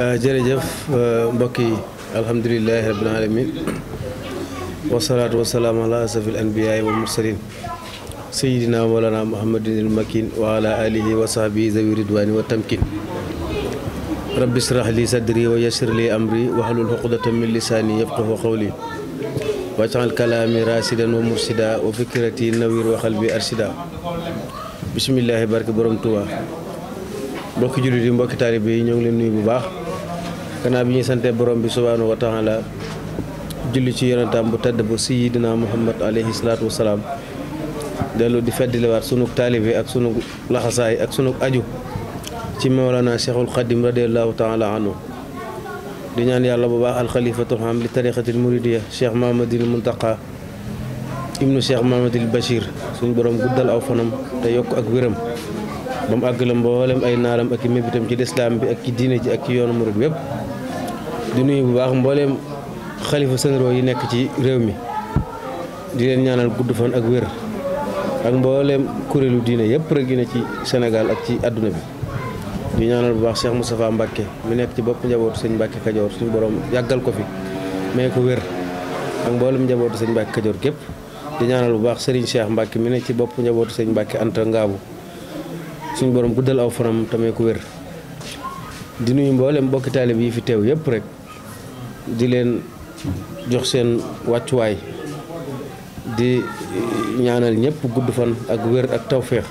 Euh, jërëjëf euh, mbokk yi alhamdulilahi rabbil alamin wasalaatu wasalaamu ala asrafil anbiyaai wal mursalin sayidina walana muhammadin il makin wa ala wa sahbihi zawi ridwani wa tamkin rabbi israh li sadri wa yassir li amri wahlul xuqdatan min lisaani yafqahu qawli wajal kalaami rasidan wa mursida wa fikrati nawir wa xalbi arsida bisimillahi barke borom Tuuba mbokki jullit mbokki taalibe yi ñoo leen nuyu bu baax gannaaw bi ñuy santee borom bi subhaanahu wa taala julli ci yonentam bu tedd bu sayyidina muhammad alayhi salaatu wasalaam dellu di feddiliwaat sunug taalibe ak sunug laxasaay ak sunug aju ci mawlana cheikhul xadim radiallahu taala anhu di ñaan yàlla bu baax alxalifatul xam li tariqatil muridiya cheikh mahamadil muntaqa ibnu cheikh mahamadil bachir suñ borom guddal aw fanam te yokk ak wéram ba àgg la mboolem ay naaram ak i mébitam ci lislaam bi ak ci diine ji ak yoonu murid wépp di nuyu bu baax mbooleem xalifa sënroo yi nekk ci réew mi di leen ñaanal gudd fan ak wér ak mbooleem kuréelu diine yëpp rek gina ci senegal ak ci àdduna bi di ñaanal bu baax Cheikh Moustapha Mbacke mi nekk ci bopp njabootu sëñ Mbacke Kajoor suñu borom yàggal ko fi may ko wér ak mboolem njabootu sëñ Mbacke Kajoor gépp di ñaanal bu baax Serigne Cheikh Mbacke mi nekk ci bopp njabootu sëñ Mbacke Anta Ngaabu suñu borom guddal aw fanam tamee ko wér di nuyu mboolem mbokki taalib yi fi teew yëpp rek di leen jox seen wàccuwaay di ñaanal ñëpp gudd fan ak wér ak tawféex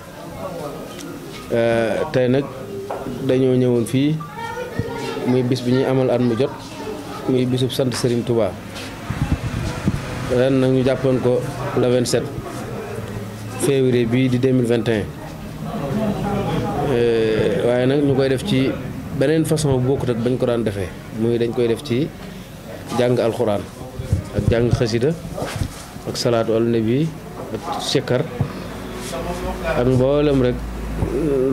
eh, tey nag dañoo ñëwoon fii muy bis bi ñuy amal at mu jot muy bisub sant Serigne Touba ren nag ñu jàppoon ko la le 27 février bii di vingt 2021 eh, waaye nag ñu koy def ci beneen façon bu bokkut ak bañ ko daan defee muy dañ koy def ci. jàng alxuraan ak jàng xasida ak salaatu al nabi ak sikkar ak mboolem rek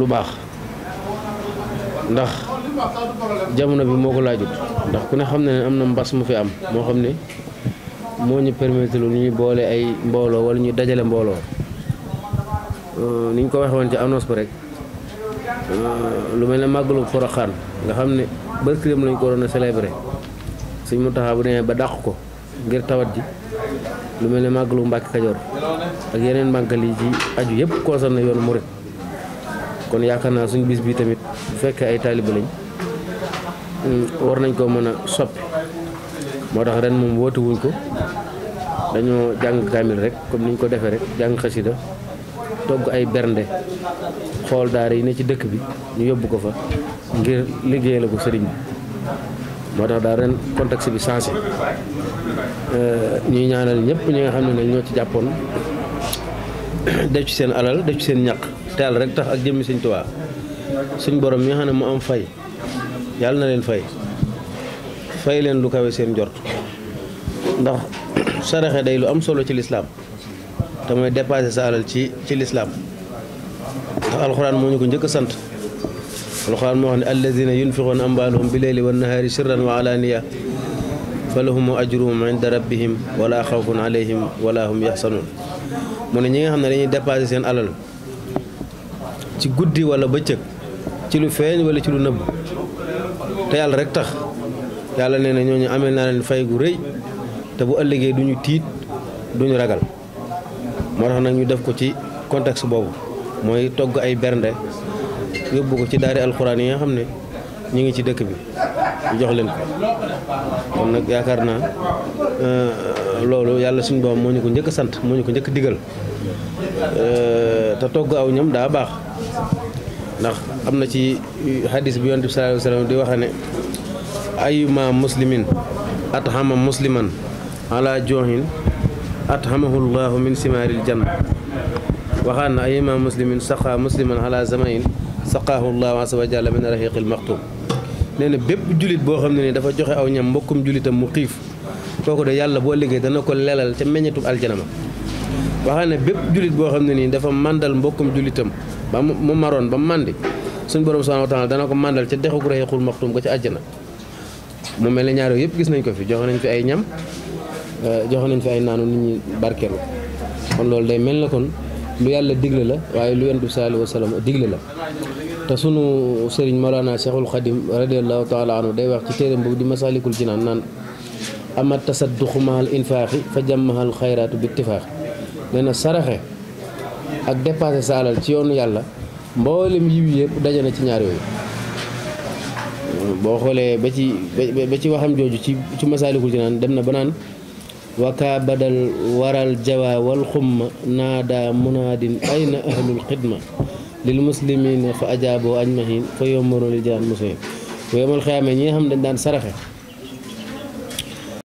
lu baax ndax jamono bi moo ko laajut ndax ku ne xam ne am na mbas mu fi am moo xam ne moo ñu permettre lu ñuy boole ay mbooloo wala ñu dajale mbooloo euh, ni ñu ko waxee ci annonce bi rek euh, lu mel ne màggalu Porokhane nga xam ne barkeem lañ ko doon a sëñ Muntaxa bu demee ba dàq ko ngir tawat ji lu mel ne màggalu Mbàkke Kajoor ak yeneen màggal yi ci aju yëpp concerné yoonu murit kon yaakaar naa suñ bis bi tamit bu fekkee ay taaliba lañ mm, war nañ koo mën a soppi moo tax ren moom woote ko dañoo jàng kaamil rek comme niñ ko defee rek jàng xasida togg ay bernde xool daara yi ne ci dëkk bi ñu yóbbu ko fa ngir liggéeyal ko sëriñ bi moo tax daal ren contexte bi changé ñuy ñaanal ñëpp ñu nga xam ne nag ñoo ci jàppoon def ci seen alal def ci seen ñaq te yàlla rek tax ak jëmmi Sëñ Tuubaa suñ borom mi xam ne mu am fay yàlla na leen fay fay leen lu kawe seen jort ndax saraxe day lu am solo ci lislaam te mooy dépassé sa alal ci ci lislaam ndax alxuraan moo ñu ko njëkk a sant alxuraan moo xam ne alladina yunfiquuna amwaalahum bi leyli wannahaari sirran wa alaaniya fa lahum ajruhum inda rabbihim wala xawfun alayhim wala hum yaxsanuun mu ne ñi nga xam ne dañuy dépassé seen alal ci guddi wala bëccëg ci lu feeñ walla ci lu nëbb te yàlla rek tax yàlla nee na ñooñu amee naa leen fay gu rëy te bu ëllëgee duñu tiit duñu ragal moo tax nag ñu def ko ci contexte boobu mooy togg ay bernde yóbbu ko ci daari alxuraan yi nga xam ne ñu ngi ci dëkk bi ñu jox leen ko kon nag yaakaar naa euh, loolu yàlla suñu boom moo ñu ko njëkk sant moo ñu ko njëkk digal euh, te togg aw ñam daa baax ndax am na ci hadis bi yonent bi sallallahu alayhi wasallam di waxe ne ayuma muslimin athama musliman ala johin athamahu llahu min simaaril janna waxaan na ayuma muslimin saqa musliman ala zamain saqaahu llahu azza wa jalla min rahiqil maxtum nee na bépp julit boo xam ne ni dafa joxe aw ñam mbokkum julitam mu xiif kooku de yàlla boo liggéey dana ko lelal ca meññetu aljana ma waxaa ne bépp julit boo xam ne nii dafa màndal mbokkum julitam ba mu maroon ba màndi suñ borom subhanahu wa taala dana ko màndal ca dexuk rahiqul maxtum ga ca àjjana mu mel ne ñaar yooyu yëpp gis nañ ko fi joxe nañ fi ay ñam euh, joxe nañ fi ay naanu nit ñi barkeelu kon lu yàlla digle la waaye lu yonent bi sallallaahu alayhi la te sunu sëriñ Mawlana Cheikhul Khadim radiallahu taala anhu day wax ci téeram boobu di masalikul jinaan naan ama tasadduqu mahal infaaxi fa jàmmahal xayraatu bi ittifaax nee saraxe ak dépassé sa ci yoonu yàlla mboolem yiw yëpp daje ci ñaar yooyu boo xoolee ba ci ba ci waxam jooju ci ci masalikul jinaan dem na ba وكا بدل ورى الجوى والخم نادى مناد أين أهل الخدمة للمسلمين فأجابوا أجمعين فيوم مروا لجان المسلمين ويوم الخيامة ñi xam dañ daan saraxe